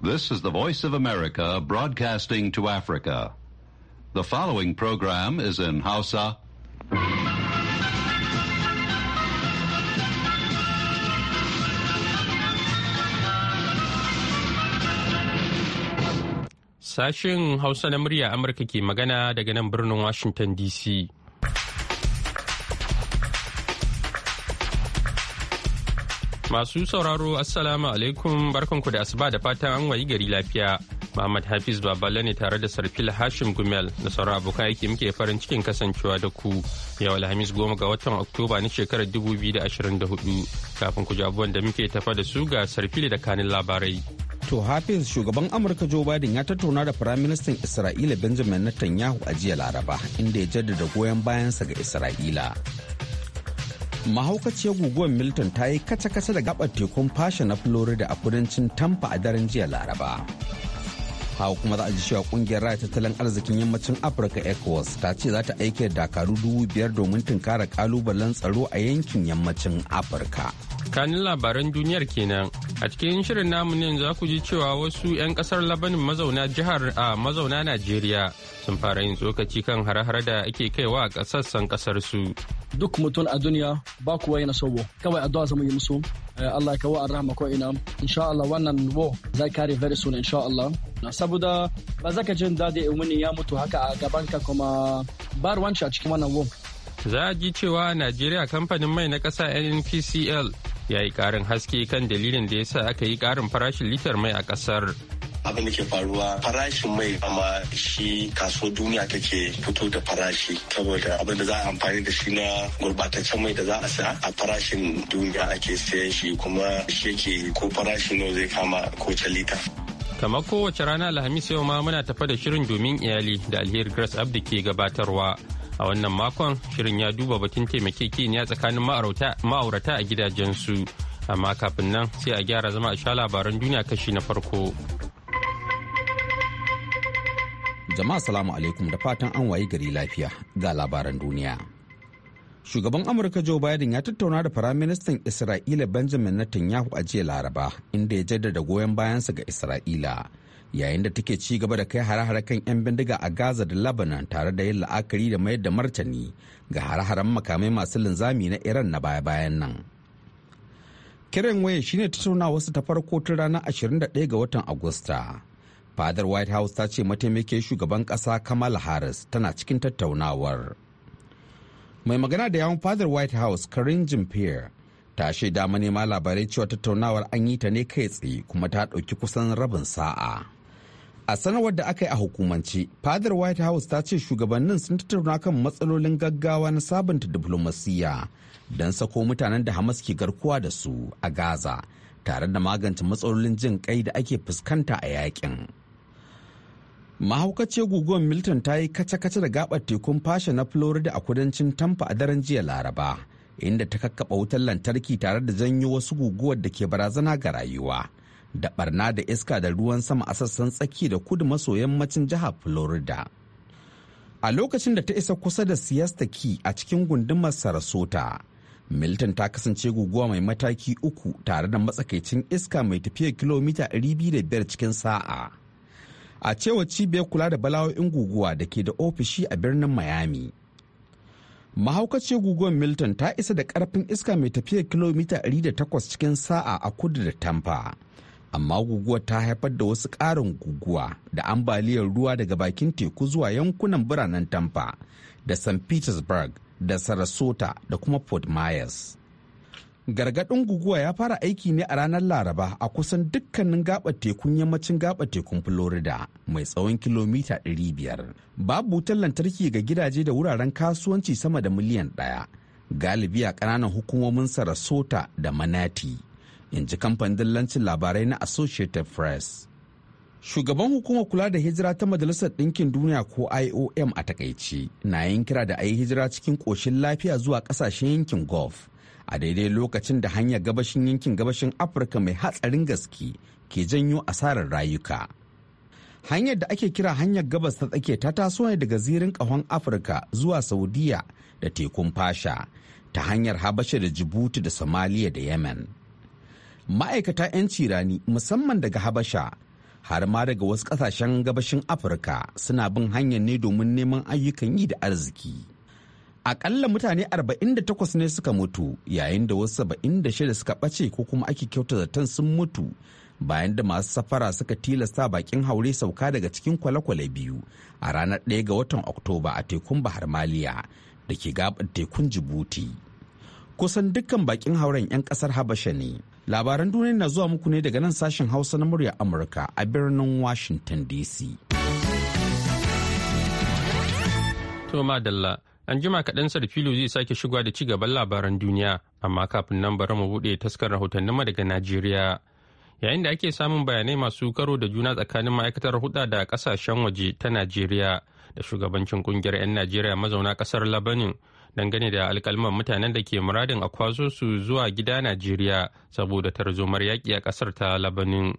This is the Voice of America broadcasting to Africa. The following program is in Hausa. Sashin Hausa na murya Amurka ke magana daga nan birnin Washington DC. Masu sauraro Assalamu alaikum barkanku da asuba da fatan an wayi gari lafiya. Muhammad Hafiz Baballe ne tare da Sarfil Hashim Gumel da sauran abokan aiki muke farin cikin kasancewa da ku. Yau Alhamis goma ga watan Oktoba na shekarar 2024 kafin ku ji abubuwan da muke tafa da su ga Sarfil da kanin labarai. To Hafiz shugaban Amurka Joe Biden ya tattauna da Firaministan Isra'ila Benjamin Netanyahu a jiya Laraba inda ya jaddada goyon bayansa ga Isra'ila. mahaukaciyar guguwar milton ta yi kace-kace da gabar tekun fasha na florida a kudancin tampa a daren jiya laraba hawa kuma za a ji cewa kungiyar raya tattalin arzikin yammacin afirka ecowas ta ce za ta aike dakaru dubu biyar domin tunkara kalubalen tsaro a yankin yammacin afirka kanin labaran duniyar kenan a cikin shirin namu ne za ku ji cewa wasu 'yan kasar labanin mazauna jihar a mazauna najeriya sun fara yin tsokaci kan hare da ake kaiwa a sassan kasar su duk mutum a duniya ba kuwa yana sobo kawai addu'a zamu yi musu eh, Allah kawo an rahama ko ina insha Allah wannan wo zai kare very soon insha Allah saboda ba za ka jin daɗi in wani ya mutu haka a gaban ka kuma ba ruwanci a cikin wannan wo za a ji cewa Najeriya kamfanin mai na ƙasa NNPCL ya yi karin haske kan dalilin da ya sa aka yi karin farashin litar mai a kasar. abin da ke faruwa farashin mai amma shi kaso duniya take fito da farashi saboda abin da za a amfani da shi na gurbataccen mai da za a sa a farashin duniya ake sayan shi kuma shi yake ko farashi nawa zai kama ko lita. kamar kowace rana alhamis yau ma muna tafa da shirin domin iyali da alheri grace abdi ke gabatarwa a wannan makon shirin ya duba batun taimakekeniya tsakanin ma'aurata a gidajensu amma kafin nan sai a gyara zama a sha labaran duniya kashi na farko jama'a salamu alaikum da fatan an wayi gari lafiya ga labaran duniya shugaban amurka joe biden ya tattauna da firaministan isra'ila benjamin netanyahu a jiya laraba inda ya jaddada goyon bayansa ga isra'ila yayin da take ci gaba da kai hare-hare kan 'yan bindiga a gaza da lebanon tare da yin la'akari da mayar da martani ga hare-haren makamai masu linzami na iran na baya-bayan nan kiran waya shine tuna wasu ta farko tun ranar 21 ga watan agusta fadar white house ta ce mataimakin shugaban kasa kamala harris tana cikin tattaunawar mai magana da yawon fadar white house karin jim pierre ta shaida manema labarai cewa tattaunawar an yi ta ne kai tsaye kuma ta ɗauki kusan rabin sa'a A sanarwar da aka yi a hukumance, fadar White House ta ce shugabannin sun tattauna kan matsalolin gaggawa na sabunta diflomasiyya don sako mutanen da Hamas ke garkuwa da su a Gaza, tare da magance matsalolin jin kai da ake fuskanta a yakin. Mahaukace guguwar Milton ta yi kace-kace da gabar tekun fasha na Florida a kudancin Tampa a daren jiya Laraba, inda ta kakkaɓa wutar lantarki tare da janyo wasu guguwar da ke barazana ga rayuwa. da barna da iska da ruwan sama a sassan tsaki da kudu maso yammacin jihar florida a lokacin da ta isa kusa da siyasta ki a cikin gundumar sarasota milton ta kasance guguwa mai mataki uku tare da matsakaicin iska mai tafiya kilomita 200 cikin sa'a a cewa cibiyar kula da bala'o'in guguwa da ke da ofishi a birnin miami mahaukaci guguwar milton ta isa da karfin iska mai tafiya kilomita 108 cikin sa'a a kudu da tampa amma guguwa ta haifar da wasu ƙarin guguwa da ambaliyar ruwa daga bakin teku zuwa yankunan biranen tampa da st petersburg da sarasota da kuma fort myers gargadin guguwa ya fara aiki ne a ranar laraba a kusan dukkanin gaɓar tekun yammacin gaɓar tekun florida mai tsawon kilomita 500 babu wutar lantarki ga gidaje da wuraren kasuwanci sama da miliyan ɗaya galibi a ƙananan hukumomin sarasota da manati in ji kamfanin dillancin labarai na associated press shugaban hukumar kula da hijira ta majalisar ɗinkin duniya ko iom a takaici na yin kira da ayi hijira cikin ƙoshin lafiya zuwa ƙasashen yankin gulf a daidai lokacin da hanyar gabashin yankin gabashin afirka mai hatsarin gaske ke janyo asarar rayuka hanyar da ake kira hanyar gabas ta tsake ta taso ne daga zirin ƙahon afirka zuwa saudiya da tekun fasha ta hanyar habasha da jibuti da somaliya da yemen ma'aikata 'yan cirani musamman daga habasha har ma daga wasu kasashen gabashin afirka suna bin hanyar ne domin neman ayyukan yi da arziki akalla mutane 48 ne suka mutu yayin da wasu 76 suka ɓace ko kuma ake kyauta zaton sun mutu bayan da masu safara suka tilasta bakin haure sauka daga cikin kwale-kwale biyu a ranar 1 ga watan oktoba a tekun bahar maliya da ke gabar tekun jibuti kusan dukkan bakin hauren 'yan kasar habasha ne labaran duniya na zuwa muku ne daga nan sashen hausa na murya amurka a birnin washington dc to madalla an jima kaɗan sarfilo zai sake shigowa da ci gaban labaran duniya amma kafin nan bari mu buɗe taskar rahotanninmu daga najeriya yayin da ake samun bayanai masu karo da juna tsakanin ma'aikatar huda da kasashen waje ta najeriya da shugabancin kungiyar 'yan najeriya mazauna ƙasar labanin dangane da alkalman mutanen da ke muradin a kwazo su zuwa gida najeriya saboda tarzomar yaƙi a ƙasar ta labanin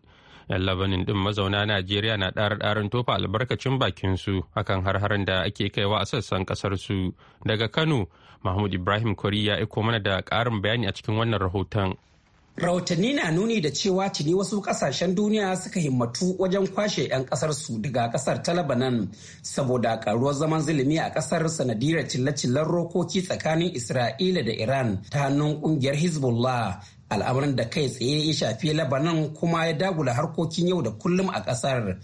yan labanin din mazauna najeriya na ɗara ɗarin tofa albarkacin bakin su akan har da ake kaiwa a sassan ƙasar su daga kano mahmud ibrahim kori ya iko mana da ƙarin bayani a cikin wannan rahoton Rahotanni na nuni da cewa tuni wasu kasashen duniya suka himmatu wajen kwashe 'yan kasar su daga kasar ta Lebanon saboda karuwar zaman zulumi a kasar sanadiyar cillacillar rokoki tsakanin Isra'ila da Iran ta hannun kungiyar Hezbollah al'amarin da kai tsaye ya shafi Lebanon kuma ya dagula harkokin yau da kullum a kasar.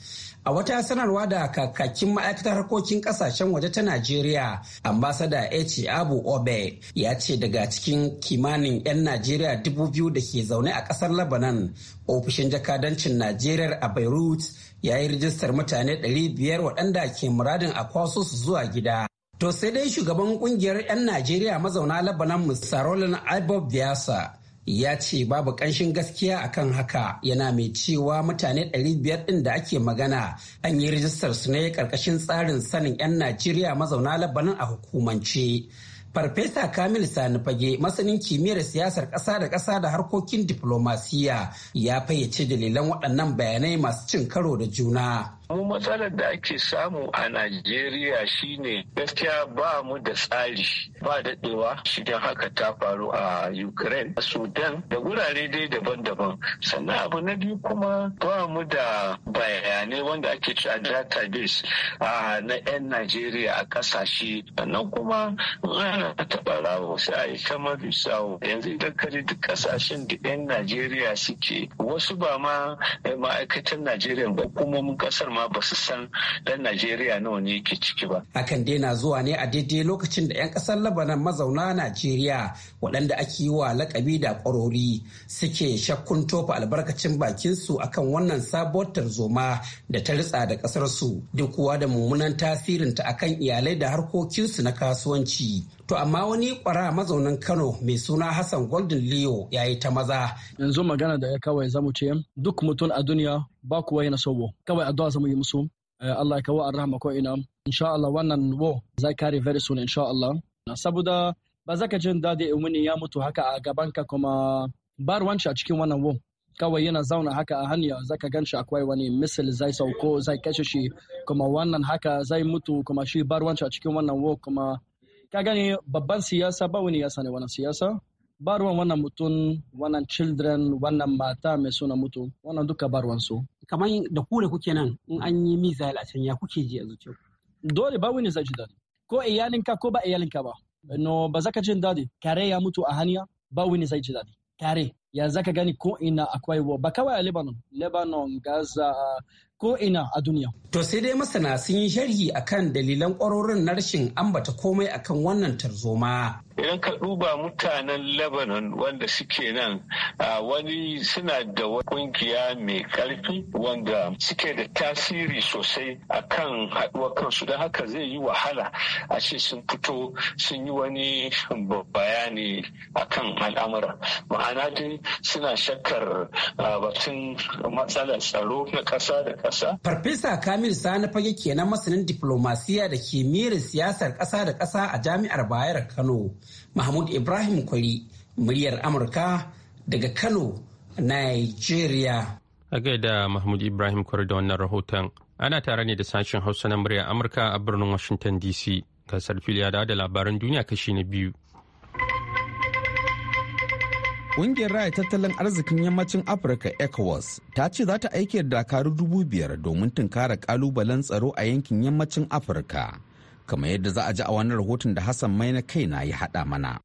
A wata sanarwa da kakakin ma'aikatar harkokin kasashen waje ta Najeriya, ambasada Echi Abu Obe ya ce daga cikin kimanin 'yan Najeriya dubu biyu da ke zaune a ƙasar Lebanon, ofishin jakadancin Najeriya a Beirut ya yi rijistar mutane 500 waɗanda ke muradin a kwaso su zuwa gida. To sai dai shugaban kungiyar 'yan Najeriya mazauna Lebanon Musarolin Ibob Biasa ya ce babu ƙanshin gaskiya a kan haka yana mai cewa mutane 500 ɗin da ake magana an yi rijistar su ne ƙarƙashin tsarin sanin 'yan najeriya mazauna labanin a hukumance farfesa kamil sani fage masanin kimiyyar siyasar ƙasa da ƙasa da harkokin diflomasiya ya fayyace dalilan waɗannan bayanai masu cin karo da juna mu matsalar da ake samu a najeriya shine gaskiya ba mu da tsari ba daɗewa shigen haka ta faru a ukraine a sudan da wurare dai daban-daban sannan abu na biyu kuma ba mu da bayanai wanda ake ci a database na 'yan najeriya a ƙasashe sannan kuma ana taɓa rawa sai a yi kama bisawo yanzu idan kare duk ƙasashen da 'yan najeriya suke wasu ba ma ma'aikatan najeriya ba mun ƙasar kuma ba su san dan najeriya nawa ne ke ciki ba hakan dai na zuwa ne a daidai lokacin da 'yan kasar labanan mazauna najeriya waɗanda ake yi wa lakabi da ƙwarori suke shakkun tofa albarkacin bakinsu akan wannan sabuwar tarzoma da ta ritsa da ƙasarsu duk kuwa da mummunan tasirinta akan iyalai da harkokinsu na kasuwanci To amma wani kwara mazaunin Kano mai suna Hassan Golden Leo ya yi ta maza. Yanzu magana da ya kawai zamu ce duk mutum a duniya ba kuwa yana sobo. Kawai addu'a zamu yi musu. Eh, Allah ya kawo rahama ko ina. Insha Allah wannan wo zai kare very soon insha Allah. Saboda ba za ka jin daɗi in wani ya mutu haka a gaban ka, kuma ba ruwanci a cikin wannan wo. Kawai yana zauna haka a hanya za ka ganshi akwai wani misil zai sauko zai kashe shi kuma wannan haka zai mutu kuma shi ba ruwanci a cikin wannan wo kuma ka gani babban siyasa ba wani ya sani wannan siyasa ba ruwan wannan mutum wannan children wannan mata mai suna mutu wannan duka ba ruwan su kamar da ku da kuke nan in an yi misali a can ya kuke ji a zuciya dole ba wani zai ji dadi ko iyalinka ko ba iyalinka ba no ba zaka jin dadi kare ya mutu a hanya ba wani zai ji dadi kare ya zaka gani ko ina akwai wa ba kawai a Lebanon Lebanon Gaza ko ina a duniya. To sai dai masana sun yi sharhi akan dalilan kwarorin na rashin ambata komai akan wannan tarzoma idan ka duba mutanen lebanon wanda suke nan wani suna da kungiya mai karfi wanda suke da tasiri sosai a kan haɗuwar kansu don haka zai yi wahala a ce sun fito sun yi wani bayani a kan al'amura ma'ana dai suna shakkar batun matsalar tsaro na ƙasa da ƙasa. farfesa kamil sani fage kenan masanin diplomasiya da kimiyyar siyasar ƙasa da ƙasa a jami'ar bayar kano Mahmud Ibrahim Kwari, muryar Amurka daga Kano, Nigeria. A gaida Mahmud Ibrahim Kwari da wannan rahoton. Ana tare ne da sashen Hausa na muryar Amurka a birnin Washington DC. Gasar filiya da labaran duniya kashi na biyu. Ƙungiyar raya tattalin arzikin yammacin Afirka ECOWAS ta ce za ta aike dakaru dubu biyar domin tunkara ƙalubalen tsaro a yankin yammacin Afirka. kamar yadda za a ji a wani rahoton da Hassan mai na kai na yi haɗa mana.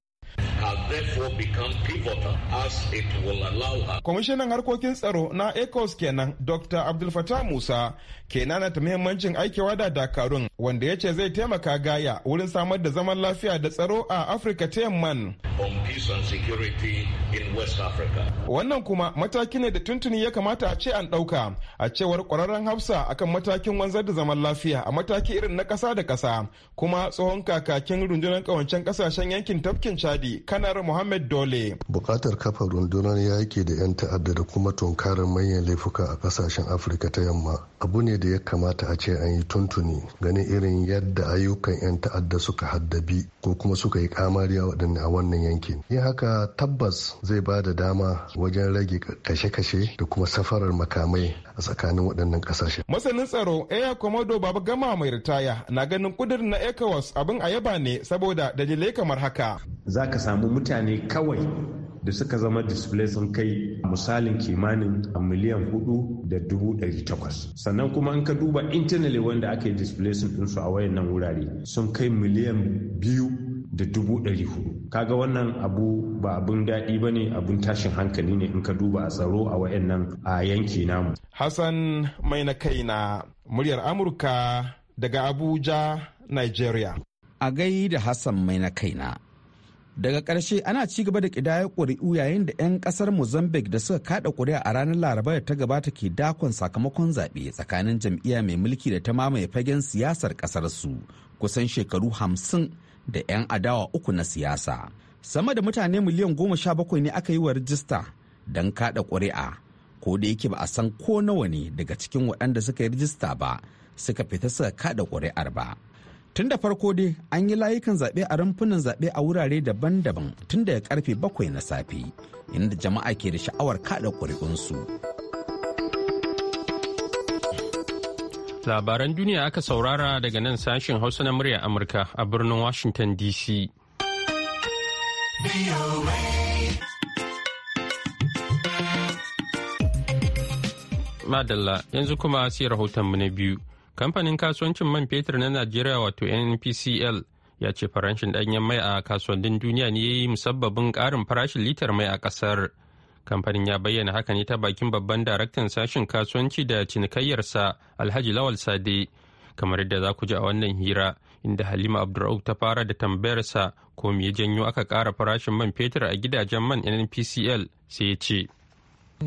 Kwamishinan harkokin tsaro na ECOWAS kenan Dr. Abdul Fattah Musa ke ta muhimmancin aikewa da Dakarun wanda ya ce zai taimaka gaya wurin samar da zaman lafiya da tsaro a Afirka ta yamman. on peace and security in West Africa. Wannan kuma mataki ne da tuntuni ya kamata a ce an ɗauka a cewar ƙwararren Hafsa akan matakin wanzar da zaman lafiya a mataki irin na ƙasa da ƙasa kuma tsohon kakakin rundunar ƙawancen ƙasashen yankin tafkin Chadi kanar Muhammad Dole. Bukatar kafa rundunar yaƙi da 'yan ta'adda da kuma tunkarar manyan laifuka a ƙasashen Afirka ta yamma abu ne da ya kamata a ce an yi tuntuni ganin irin yadda ayyukan 'yan ta'adda suka haddabi ko kuma suka yi kamariya waɗanne a wannan yankin yin haka tabbas zai ba da dama wajen rage kashe-kashe da kuma safarar makamai a tsakanin waɗannan ƙasashe masanin tsaro eya komodo baba gama mai ritaya na ganin kudirin na ecowas abin a yaba ne saboda dalilai kamar haka za ka samu mutane kawai da suka zama display sun kai misalin kimanin a miliyan hudu da dubu ɗari takwas sannan kuma in ka duba internally wanda aka yi display ɗinsu a wayannan wurare sun kai miliyan biyu da dubu ɗari hudu kaga wannan abu ba abun daɗi ba ne abun tashin hankali ne in ka duba a tsaro a wayannan a yanki namu hassan mai na kaina muryar amurka daga abuja nigeria a gai da hassan mai na kaina daga ƙarshe ana ci gaba da kidayar ƙuri'u yayin da 'yan ƙasar mozambique da suka kada ƙuri'a a ranar laraba da ta gabata ke dakon sakamakon zaɓe tsakanin jam'iyya mai mulki da ta mamaye fagen siyasar ƙasar su kusan shekaru hamsin da 'yan adawa uku na siyasa sama da mutane miliyan goma sha bakwai ne aka yi wa rijista don kada ƙuri'a ko da yake ba a san ko nawa ne daga cikin waɗanda suka yi rijista ba suka fita suka kada ƙuri'ar ba tun da farko dai an yi layukan zaɓe a rumfunan zaɓe a wurare daban-daban tun daga karfe bakwai na safe inda jama'a ke da sha'awar kada ƙuri'unsu. Labaran duniya aka saurara daga nan sashen Hausa na murya Amurka a birnin Washington DC. Madalla yanzu kuma sai rahotonmu na biyu. Kamfanin kasuwancin man fetur na Najeriya wato NPCL ya ce farashin danyen mai a kasuwannin duniya ne ya yi musabbabin ƙarin farashin litar mai a ƙasar. kamfanin ya bayyana haka ne ta bakin babban daraktan sashen kasuwanci da cinikayyarsa alhaji lawal sade kamar yadda za ku ji a wannan hira inda halima abdurrauf ta fara da tambayarsa ko me ya janyo aka kara farashin man fetur a gidajen man nnpcl sai ya ce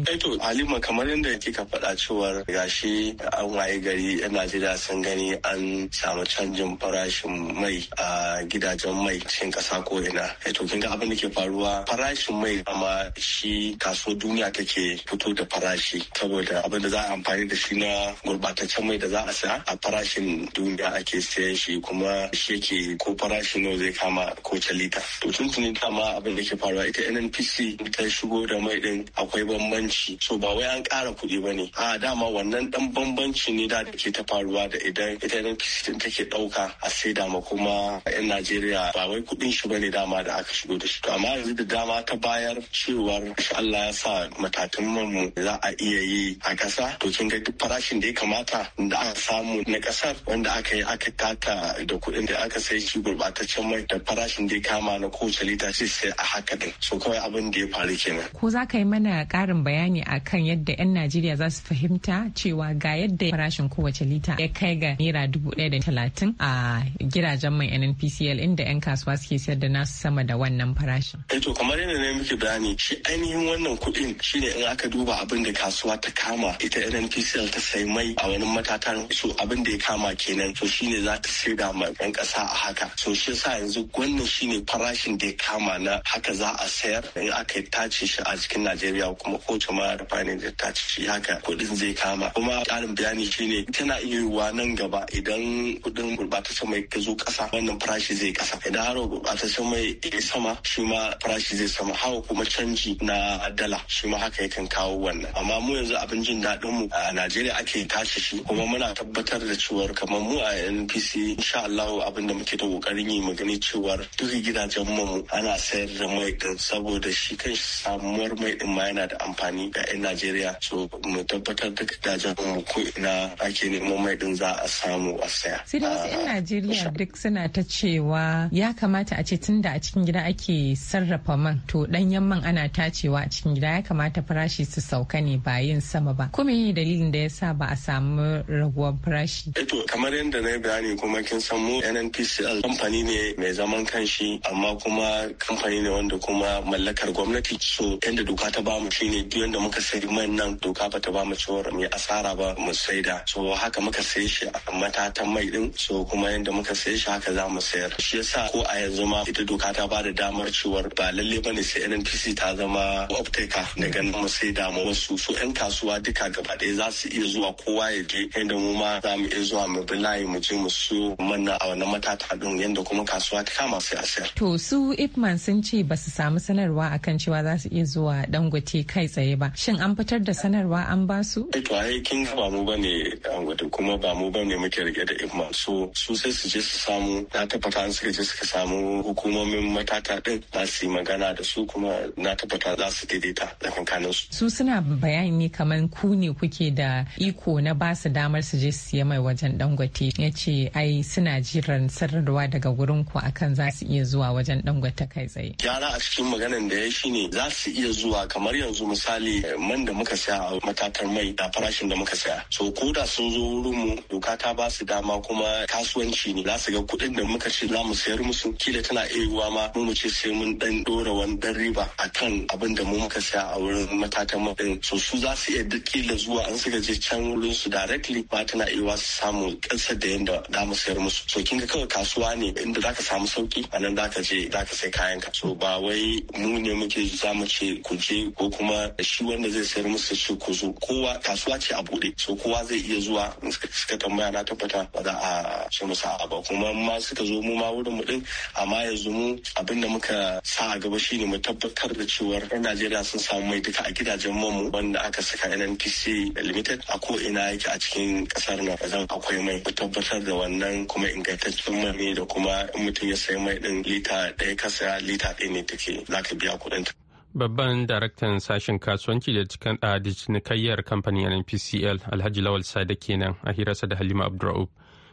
Aito eh Halima kamar yadda kika faɗa cewar gashi an waye gari yan Najeriya sun gani an samu canjin farashin mai a gidajen mai cikin ƙasa ko ina. Aito eh kin ga abin da ke faruwa farashin mai amma shi kaso duniya take fito da farashi saboda abin da za a amfani da shi na gurbataccen mai da za a sa a farashin duniya ake sayan shi kuma shi yake ko farashin nawa zai kama ko calita. lita. To tuntuni dama abin da ke faruwa ita NNPC ta shigo da mai din akwai bambanci bambanci so ba wai an kara kuɗi ba ne a dama wannan dan bambanci ne da ke ta faruwa da idan ita ne take ɗauka a sai dama kuma a 'yan Najeriya ba wai kuɗin shi ba ne dama da aka shigo da shi to amma yanzu da dama ta bayar cewar Allah ya sa matakan mu za a iya yi a ƙasa to kin ga duk farashin da ya kamata da aka samu na ƙasar wanda aka yi aka tata da kuɗin da aka sai shi gurɓataccen mai da farashin da ya kama na kowace lita sai a haka din so kawai abin da ya faru kenan ko za ka yi mana ƙarin bayani bayani kan yadda 'yan Najeriya za su fahimta cewa ga yadda farashin kowace lita ya kai ga naira dubu ɗaya da talatin a gidajen mai NNPCL inda 'yan kasuwa suke sayar da nasu sama da wannan farashin. Eh kamar yadda na muke bayani shi ainihin wannan kuɗin shine in aka duba abin da kasuwa ta kama ita NNPCL ta sai mai a wani matatan so abin da ya kama kenan to shine za ta saida ma 'yan kasa a haka so shi yasa yanzu wannan shine farashin da ya kama na haka za a sayar in aka tace shi a cikin Najeriya kuma ko jama'a refining da ta ci haka kuɗin zai kama kuma ƙarin bayani shine tana iya yiwuwa nan gaba idan kuɗin gurɓataccen mai ta zo ƙasa wannan farashi zai ƙasa idan har gurɓataccen mai ya sama shi ma farashi zai sama hawa kuma canji na dala shi ma haka yakan kawo wannan amma mu yanzu abin jin daɗin mu a Najeriya ake tashi shi kuma muna tabbatar da cewar kamar mu a NPC insha Allah abin da muke da kokarin yi magani cewar duk gidajen mu ana sayar da mai ɗin saboda shi kan samuwar mai din ma yana da amfani amfani ga 'yan Najeriya so mu tabbatar da gidajen mu ko ina ake neman mai din za a samu a saya. Sai da wasu 'yan ah, Najeriya duk suna ta cewa ya kamata a ce tunda a cikin gida ake sarrafa man to ɗanyen man ana tacewa a cikin gida ya kamata farashi su sauka ne ba yin sama ba. Kuma yi dalilin da ya sa ba a samu raguwar farashi. Eto eh kamar yadda na yi bayani kuma kin san mu NNPCL kamfani ne mai zaman kanshi amma kuma kamfani ne wanda kuma mallakar gwamnati so yadda doka ta bamu shine duk yadda muka sayi man nan doka bata ba mu cewar mai asara ba mu saida so haka muka sayi shi a matatan mai din so kuma yadda muka sayi shi haka za mu sayar shi yasa ko a yanzu ma ita doka ta ba da damar cewar ba lalle bane sai NNPC ta zama optaker daga nan mu saida mu wasu so yan kasuwa duka gaba ɗaya za su iya zuwa kowa ya je yadda mu ma za mu iya zuwa mu bi layi mu je mu siyo manna a wannan matata din yadda kuma kasuwa ta kama sai a sayar. To su Ipman sun ce ba su samu sanarwa akan cewa za su iya zuwa dangote kai tsaye tsaye ba shin an fitar da sanarwa an ba su eh, to ai kin ba mu bane angwata eh, kuma ba mu bane muke rike da imma so su sai su je su samu na tabbata an suka je suka samu hukumomin matata din za su yi magana da su kuma na tabbata za su daidaita kankanin su su suna bayani ne kamar ku ne kuke da iko na ba su damar su je su siya mai wajen dangote ya ce ai suna jiran sanarwa daga wurin ku akan za su iya zuwa wajen dangote kai tsaye gyara a cikin maganan da ya shine za su iya zuwa kamar yanzu misali misali man da muka saya a matatar mai da farashin da muka saya so ko da sun zo wurin mu doka ta ba su dama kuma kasuwanci ne za su ga kuɗin da muka ce za mu sayar musu kila tana iya ma mu ce sai mun dan dora wani dan riba kan abin da mu muka saya a wurin matatar mai din so su za su iya duk kila zuwa an suka je can wurin su directly ba tana iya su samu kansa da yanda za mu sayar musu so kin ga kawai kasuwa ne inda za ka samu sauki a nan ka je za ka sai kayan ka so ba wai mu ne muke za mu ce ku je ko kuma shi wanda zai sayar musu su ku zo kowa kasuwa ce a bude so kowa zai iya zuwa suka tambaya na tabbata ba za a ce musu a ba kuma ma suka zo mu ma wurin mu din amma yanzu mu abin da muka sa a gaba shine mu tabbatar da cewa yan Najeriya sun samu mai duka a gidajen mu wanda aka saka NNPC limited a ko ina yake a cikin kasar nan zan akwai mai mu tabbatar da wannan kuma ingantaccen mai da kuma in mutum ya sayi mai din lita ɗaya kasa lita ɗaya ne take zaka biya kuɗin ta. Babban daraktan sashen kasuwanci da ah, cinikayyar kamfanin NPCL Alhaji Lawal Sada kenan a hirarsa da Halima Abdur'aub.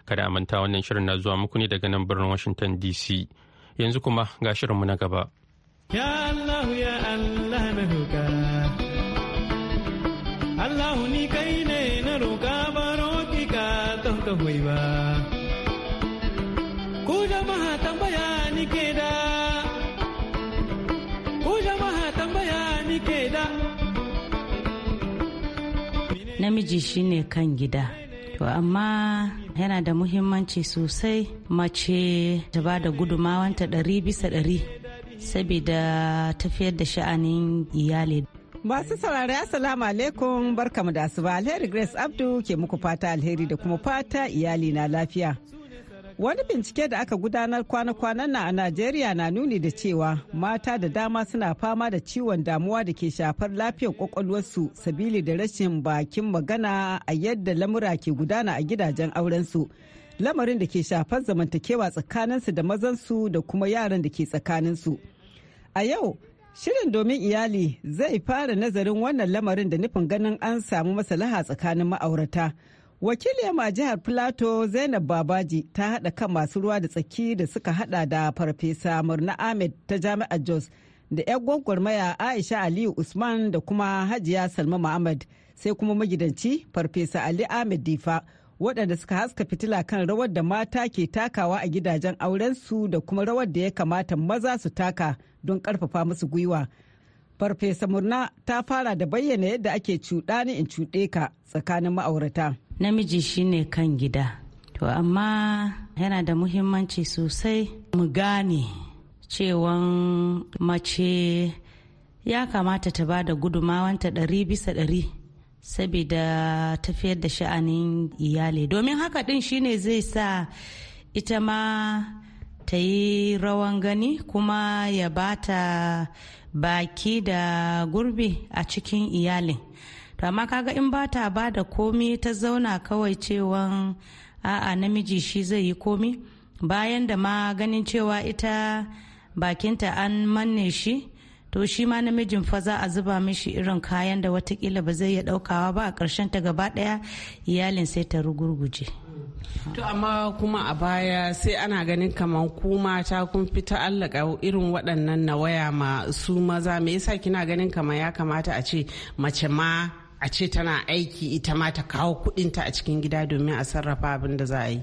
Kada a manta wannan shirin na zuwa muku ne daga nan birnin Washington DC. Yanzu kuma ga shirinmu na gaba. Ya Allah na roƙa. Allah ni kai ne na roƙa baro ki ka ba. namiji shine kan gida to amma yana da muhimmanci sosai mace ta ba da gudumawanta ɗari bisa ɗari saboda tafiyar da sha'anin iyali Masu saurari Assalamu alaikum barkamu da asuba alheri Grace Abdu ke muku fata alheri da kuma fata iyali na lafiya. Wani bincike da aka gudanar kwana-kwanan na a Najeriya na nuni da cewa mata da dama suna fama da ciwon damuwa da ke shafar lafiyar kwakwalwarsu sabili da rashin bakin magana a yadda lamura ke gudana a gidajen aurensu. Lamarin da ke shafar zamantakewa tsakaninsu da mazansu da kuma yaran da ke tsakaninsu. A yau, shirin domin iyali zai fara nazarin wannan lamarin da nufin ganin an samu maslaha tsakanin ma'aurata. wakiliyar ma jihar plato zainab babaji ta haɗa kan masu ruwa da tsaki da suka haɗa da farfesa murna ahmed ta jami'ar jos da 'yan gwagwarmaya aisha aliyu usman da kuma hajiya salma muhammad sai kuma magidanci farfesa ali ahmed difa waɗanda suka haska fitila kan rawar da mata ke takawa a gidajen aurensu da kuma rawar da ya kamata maza su taka don ƙarfafa musu gwiwa farfesa murna ta fara da bayyana yadda ake cuɗani in cuɗe ka tsakanin ma'aurata namiji shine kan gida to amma yana da muhimmanci sosai mu gane cewan mace ya kamata ta ba da gudumawanta ɗari bisa ɗari saboda tafiyar da sha'anin iyali domin haka ɗin shine zai sa ita ma ta yi rawan gani kuma ya bata baki da gurbi a cikin iyalin to amma kaga in ba ta ba da komi ta zauna kawai cewan a'a namiji shi zai yi komi bayan da ma ganin cewa ita bakinta an manne shi to shi ma namijin fa za a zuba mishi irin kayan da watakila ba zai iya daukawa ba a karshen ta gaba daya iyalin sai ta rugurguje to amma kuma a baya sai ana ganin kamar ku mata kun fita allaka irin waɗannan na waya ma su maza me yasa kina ganin kamar ya kamata a ce mace ma a ce tana aiki ita ma ta kawo kudinta a cikin gida domin a sarrafa abin da za a yi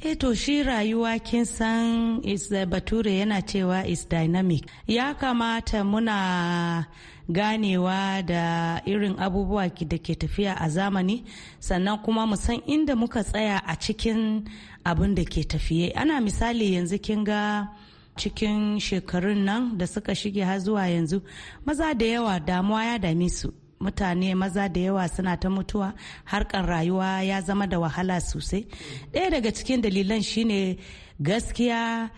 e to shi rayuwa kin san is eh, bature yana cewa is dynamic ya kamata muna ganewa da irin abubuwa da ke tafiya a zamani sannan kuma mu san inda muka tsaya a cikin abin da ke tafiye ana misali yanzu kin ga cikin shekarun nan da suka shige har zuwa yanzu maza da yawa damuwa ya dame su mutane maza da yawa suna ta mutuwa harkar rayuwa ya zama da wahala sosai ɗaya daga cikin dalilan shine gaskiya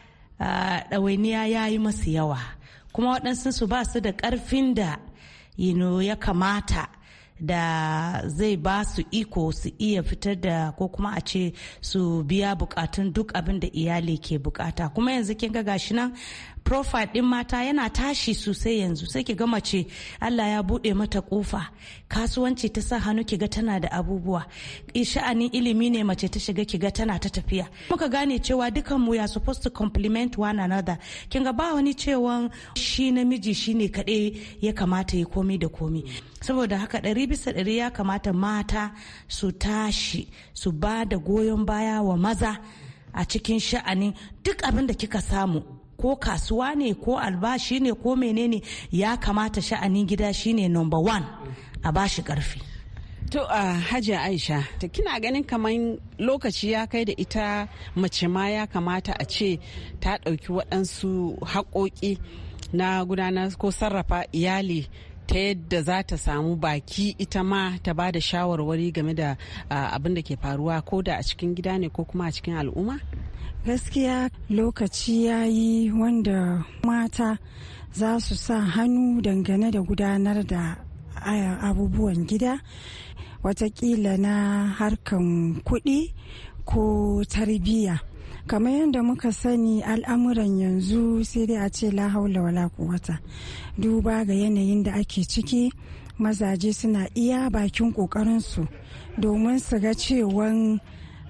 ɗawainiya ya yi masu yawa kuma waɗansu su ba su da ƙarfin da ya kamata da zai ba su iko su iya fitar da ko kuma a ce su biya bukatun duk abin da iyali ke bukata kuma yanzu kin ga gashi nan profile ɗin mata yana tashi sosai yanzu sai ki ga mace Allah ya bude mata kofa kasuwanci ta sa hannu ki ga tana da abubuwa sha'anin ilimi ne mace ta shiga ki ga tana ta tafiya muka gane cewa dukan mu ya supposed to compliment one another kin ga ba wani cewa shi namiji shine kaɗai ya kamata ya komi da komi saboda haka ɗari bisa ɗari ya kamata mata su tashi su ba da goyon baya wa maza a cikin sha'anin duk abin da kika samu ko kasuwa ne ko albashi ne ko menene ya kamata sha'anin gida shine number one a bashi karfi To a Aisha, ta kina ganin kamar lokaci ya kai da ita mace ma ya kamata a ce ta ɗauki waɗansu haƙoƙi na gudanar ko sarrafa iyali ta yadda za ta samu baki ita ma ta ba da shawarwari game da abin da ke faruwa ko da a cikin gida ne ko kuma a cikin al'umma? gaskiya lokaci ya yi wanda mata za su sa hannu dangane da gudanar da abubuwan gida watakila na harkan kuɗi ko tarbiyya kamar yadda muka sani al'amuran yanzu sai dai a ce la haula wala kuwata duba ga yanayin da ake ciki mazaje suna iya bakin ƙoƙarinsu domin su ga cewan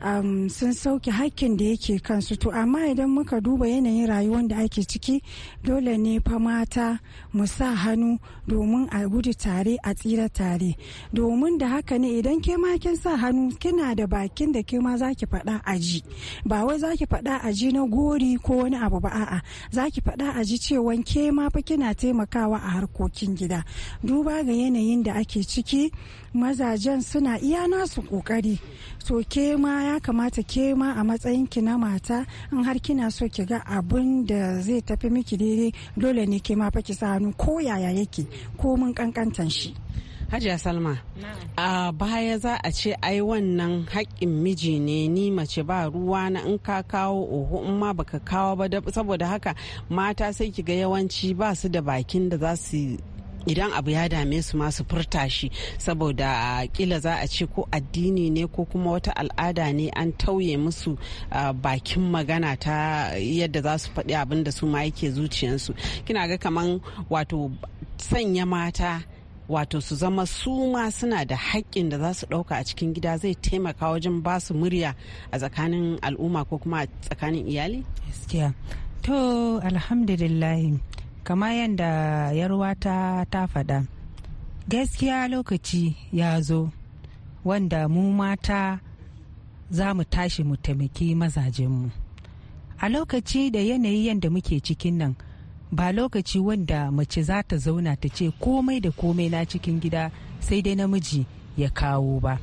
um, sun sauke haƙƙin da yake kansu to amma idan muka duba yanayin rayuwar da ake ciki dole ne fa mata mu sa hannu domin a gudu tare a tsira tare domin da haka ne idan ke ma kin sa hannu kina da bakin da ke ma ki faɗa aji ba wai za zaki faɗa aji na gori ko wani abu ba a'a za zaki faɗa aji cewa ke ma fa kina taimakawa a harkokin gida duba ga yanayin da ake ciki mazajen suna iya nasu kokari to ke ma ya kamata ke ma a matsayin ki na mata in har kina so ki ga abun da zai tafi miki daidai dole ne ke ma fa ki sa hannu ko yaya yake ko mun kankantan shi Hajiya Salma, a baya za a ce ai wannan haƙƙin miji ne ni mace ba ruwa na in ka kawo oho in ma baka kawo ba saboda haka mata sai ki ga yawanci ba su da bakin da za su idan abu ya dame su masu furta shi saboda kila za a ce ko addini ne ko kuma wata al'ada ne an tauye musu bakin magana ta yadda za su faɗi abin da su ma yake zuciyansu kina ga kamar wato sanya mata wato su zama su ma suna da haƙƙin da za su ɗauka a cikin gida zai taimaka wajen ba su murya a tsakanin al'umma ko kuma tsakanin iyali? gaskiya to alhamdulillahi kama yadda yarwata ta faɗa gaskiya lokaci ya zo wanda mu mata za mu tashi mu taimaki mazajenmu a lokaci da yanayi yadda muke cikin nan ba lokaci wanda mace za ta zauna ta ce komai da komai na cikin gida sai dai namiji ya kawo ba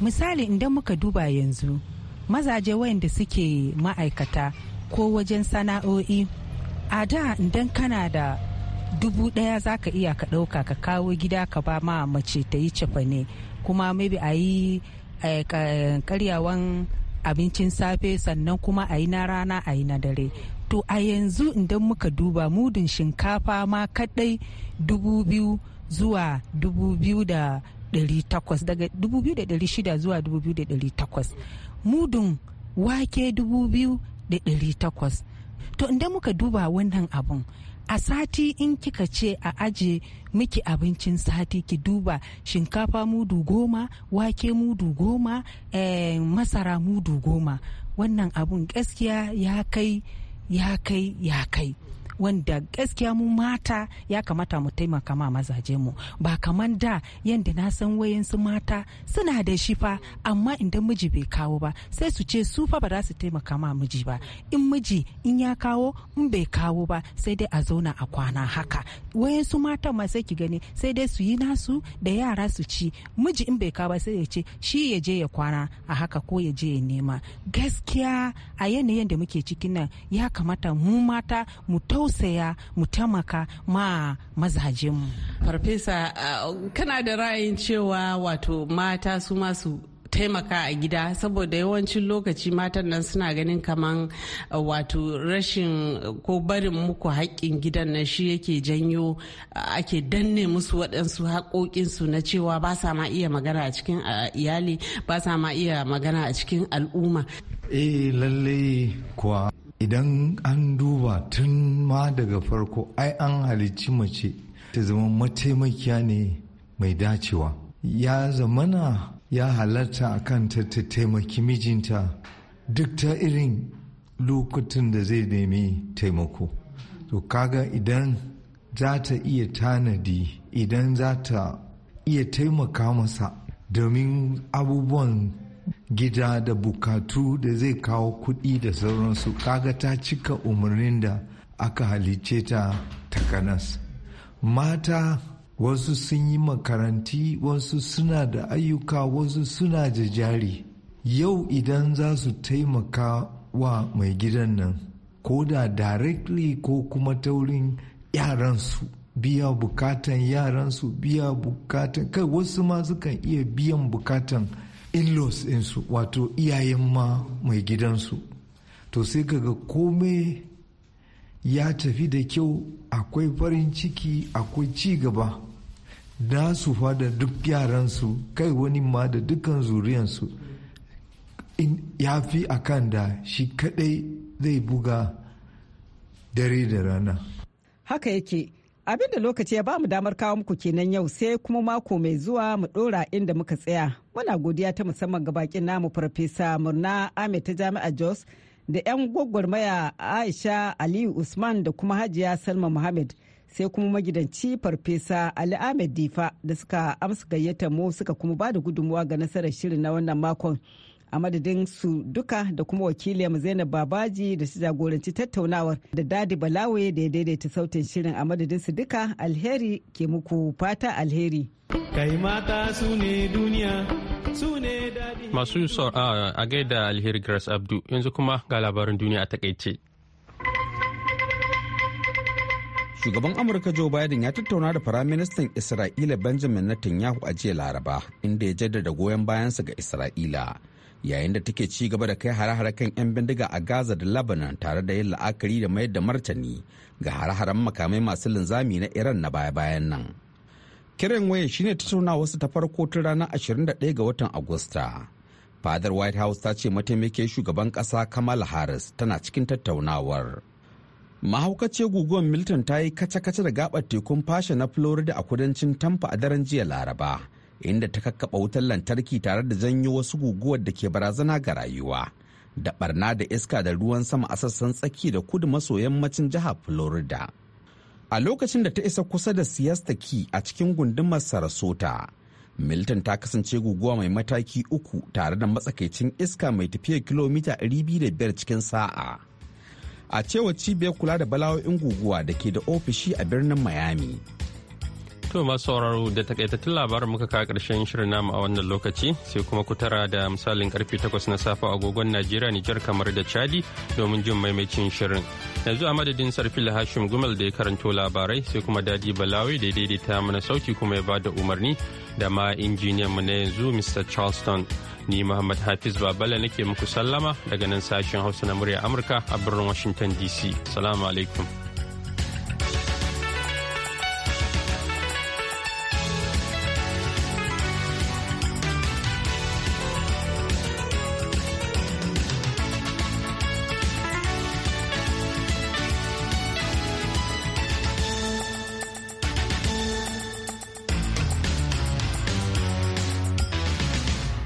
misali idan muka duba yanzu mazaje wayanda suke ma'aikata ko wajen sana'o'i a da idan kana da dubu daya za ka iya ka ɗauka ka kawo gida ka ba ma mace ta yi ne kuma maybe a yi karyawan abincin safe sannan kuma a yi na rana a yi na dare to a yanzu idan muka duba mudun shinkafa ma kadai dubu biyu zuwa dubu biyu da dari takwas daga dubu biyu da dari shida zuwa dubu biyu da dari takwas mudun wake dubu biyu da dari takwas to inda muka duba wannan abun a sati in kika ce a aje miki abincin sati ki duba shinkafa mudu goma wake mudu goma eh, masara mudu goma wannan abun gaskiya ya kai ya kai ya kai wanda gaskiya mu mata ya kamata mu taimaka ma mazaje mu ba kaman da yanda na san wayan su mata suna da shi fa amma idan miji bai kawo ba sai su ce su fa ba za su taimaka ma miji ba in miji in ya kawo in bai kawo ba sai dai a zauna a kwana haka su mata ma sai ki gani sai dai su yi nasu da yara su ci miji in bai kawo ba sai ya ce shi ya je ya kwana a haka ko ya je ya nema gaskiya a yanayin da muke cikin nan ya kamata mu mata mu tausa tausaya mu taimaka ma mazajenmu. farfesa uh, kana da ra'ayin cewa wato mata su masu taimaka a gida saboda yawancin lokaci matan nan suna ganin kamar uh, wato rashin uh, ko barin muku haƙƙin gidan nan shi yake janyo ake danne musu waɗansu haƙoƙinsu na cewa ba sa ma iya magana a cikin iyali ba sa ma iya magana a cikin al'umma. eh lallai kuwa idan an duba tun ma daga farko ai an halicci mace ta zama mataimakiya ne mai dacewa ya zamana ya halatta a kanta ta taimaki mijinta duk ta irin lokutan da zai nemi taimako to kaga idan za ta iya tanadi idan za ta iya taimaka masa domin abubuwan gida da bukatu da zai kawo kuɗi da sauransu kaga ta cika umarnin da aka halice ta takanas mata wasu sun yi makaranti wasu suna da ayyuka wasu suna da jari yau idan za su taimaka wa mai gidan nan ko da directly ko kuma taurin yaransu biya bukatan yaransu biya bukatan kai wasu ma sukan iya biyan bukatan in-laws su wato iyayen ma mai gidansu to sai kaga komai ya tafi da kyau akwai farin ciki akwai ci gaba na su fada duk yaransu kai wani ma da dukkan zuriyansu ya fi akan da shi kadai zai buga dare da rana haka yake abin da lokaci ya ba mu damar kawo muku kenan yau sai kuma mako mai zuwa mu dora inda muka tsaya muna godiya ta musamman ga bakin namu farfesa murna ahmed ta jami'a jos da 'yan gwagwarmaya aisha aliyu usman da kuma hajiya salma muhammad sai kuma magidanci farfesa ali ahmed difa da suka amsa gayyatar mu suka kuma ba da gudunmuwa ga nasarar shirin na wannan makon a madadin su duka da kuma mu zainab babaji da su jagoranci tattaunawar da dadi balawe da ya daidaita sautin shirin a madadin su duka alheri ke muku fata alheri kai mata su ne duniya su ne dadi masu a gaida alheri grace abdu yanzu kuma ga labarin duniya a takaice shugaban amurka joe biden ya tattauna da firaministan isra'ila benjamin netanyahu a jiya laraba inda ya jaddada goyon bayansa ga isra'ila yayin da take ci gaba da kai hare-hare kan 'yan bindiga a gaza da lebanon tare da yin la'akari da mayar da martani ga hare-haren makamai masu linzami na iran na baya-bayan nan kiran wayan shine tattauna wasu ta farko tun ranar 21 ga watan agusta fadar white house ta ce mataimakin shugaban kasa kamala harris tana cikin tattaunawar mahaukace guguwar milton ta yi kace-kace da gabar tekun fasha na florida a kudancin tampa a daren jiya laraba inda ta kakkaɓa wutar lantarki tare da janyo wasu guguwar da ke barazana ga rayuwa da barna da iska da ruwan sama a sassan tsaki da kudu maso yammacin jihar florida a lokacin da ta isa kusa da siyasta key a cikin gundumar sarasota milton ta kasance guguwa mai mataki uku tare da matsakaicin iska mai tafiya kilomita 200 cikin sa'a a cewa cibiyar kula da bala'o'in guguwa da ke da ofishi a birnin miami To masu sauraro da takaitattun labarin muka kawo karshen shirin namu a wannan lokaci sai kuma ku tara da misalin karfe takwas na safe agogon Najeriya Nijar kamar da Chadi domin jin maimacin shirin. Yanzu a madadin Sarfil Hashim Gumel da ya karanto labarai sai kuma Dadi Balawi da ya daidaita mana sauki kuma ya bada umarni da ma injiniyan mu na yanzu Mr. Charleston. Ni Muhammad Hafiz Babala nake muku sallama daga nan sashen Hausa na murya Amurka a birnin Washington DC. Salamu alaikum.